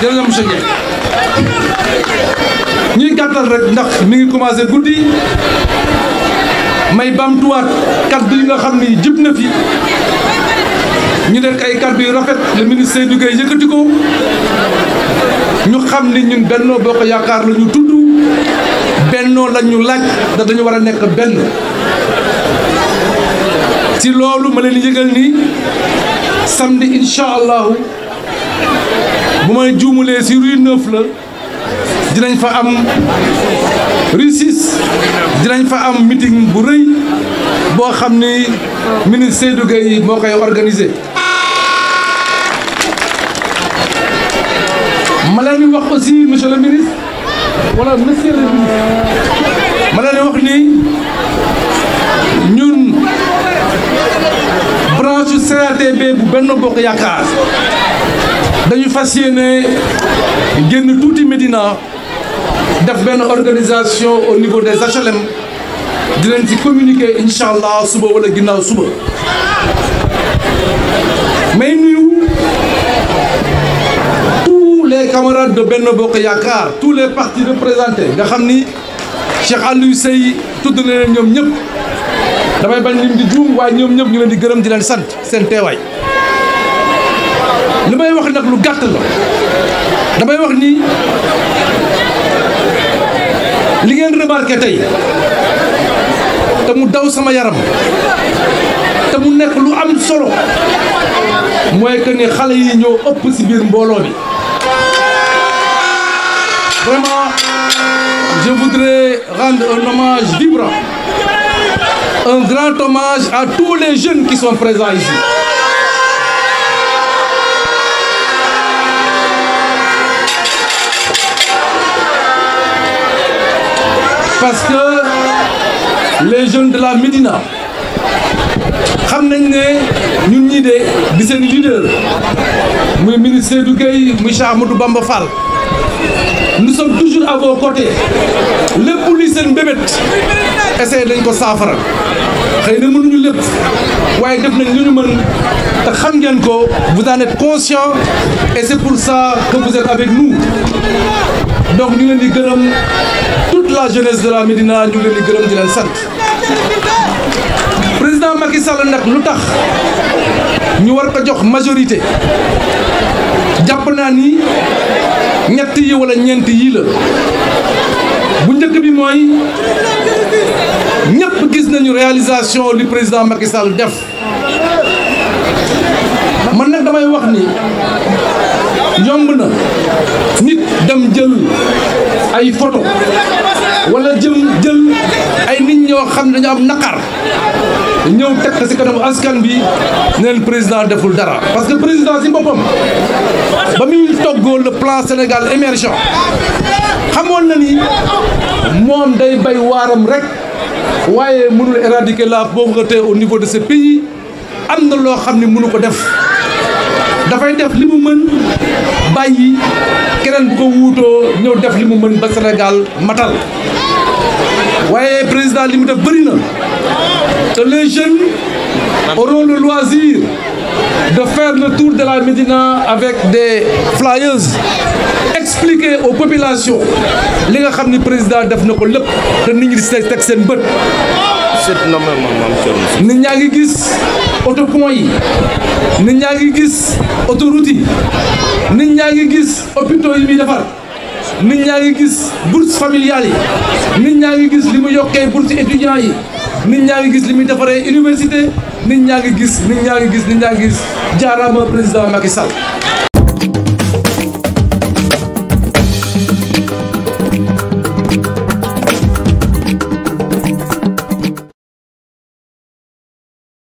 jërëjëf monsieur Ndiaye ñuy gàttal rek ndax mi ngi commencé guddi may bamtuwaat bi li nga xam ni jib na fi ñu nekk ay kaddu yu rafet le ministre Seydou Gueye yëkkati ko ñu xam ni ñun Benno Bokk Yaakaar la ñu tudd Benno la ñu laaj da dañu war a nekk benn ci loolu ma leen yëgal ni samedi incha allahu. bu may juumulee si rue 9 la dinañ fa am rue 6 dinañ fa am meeting bu rëy boo xam ni ministre Seydou Gueye moo koy organisé. ma leen wax aussi le ministre wala monsieur le ministre ma leen wax ni ñun branche CRTB bu benn bokk yaakaar. dañu fas yéene génn tuuti Médina def benn organisation au niveau des HLM dinañ ci communiquer incha allah suba walla ginnaaw suba may nuyu tous les camarades de benn Bokk Yaakaar tous les partis représentés nga xam ni Cheikh Aliou Seye tudd na leen ñoom ñëpp damay bañ lim di juum waaye ñoom ñëpp ñu leen di gërëm di leen sant seen teewaay. li may wax nag lu la damay wax ni li ngeen remarqué tey te mu daw sama yaram te mu nekk lu am solo mooy que ni xale yi ñoo ëpp ci biir mbooloo bi vraiment je voudrais rendre un hommage vibrant un grand hommage à tous les jeunes qui sont présents ici parce que les jeunes de la Médina xam nañ ne ñun ñii de di seen leader muy ministre Seydou Gueye muy Cheikh Amadou Bamba Fall nous sommes toujours à vos côtés lépp luy seen mbébét essayé dañ ko saafara xëy ne mënuñu lépp waaye def nañ lu ñu mën te xam ngeen ko vous daane êtes conscient pour ça que vous êtes avec nous donc ñu leen di gërëm toute la jeunesse de la Médina ñu ngi leen di gërëm di sant président Macky Sall nag lu tax ñu war ko jox majorité jàpp naa ni ñett yi ñeent yii la bu njëkk bi mooy ñëpp gis nañu réalisation li président Macky Sall def man nag damay wax ni. ay photo walla jël jël ay nit ñoo xam ne dañu am naqar ñëw teg ci kanamu askan bi neen président deful dara parce que président ci boppam ba muy toggoo le plan Sénégal émersion xamoon na ni moom day bay waaram rek waaye mënul éradiquer la pauvreté au niveau de ce pays am na loo xam ne mënu ko def dafay def mën bàyyi keneen bu ko wuutoo ñëw def li mu mën ba Sénégal matal waaye président li mu def bëri na te les jeunes auront le loisir de faire le tour de la Médina avec des flyers expliquer aux populations li nga xam ni président def na ko lépp te nit ñi di teg seen bët nit ñaa ngi gis auto pont yi nit ñaa ngi gis autoroute yi nit ñaa ngi gis hôpitaux yi muy defar nit ñaa ngi gis bourse familiale yi nit ñaa ngi gis li mu yokkee bourse étudiants yi nit ñaa ngi gis li muy defaree université nit ñaa ngi gis nit ñaa gis nit ñaa gis jaaraama président Macky Sall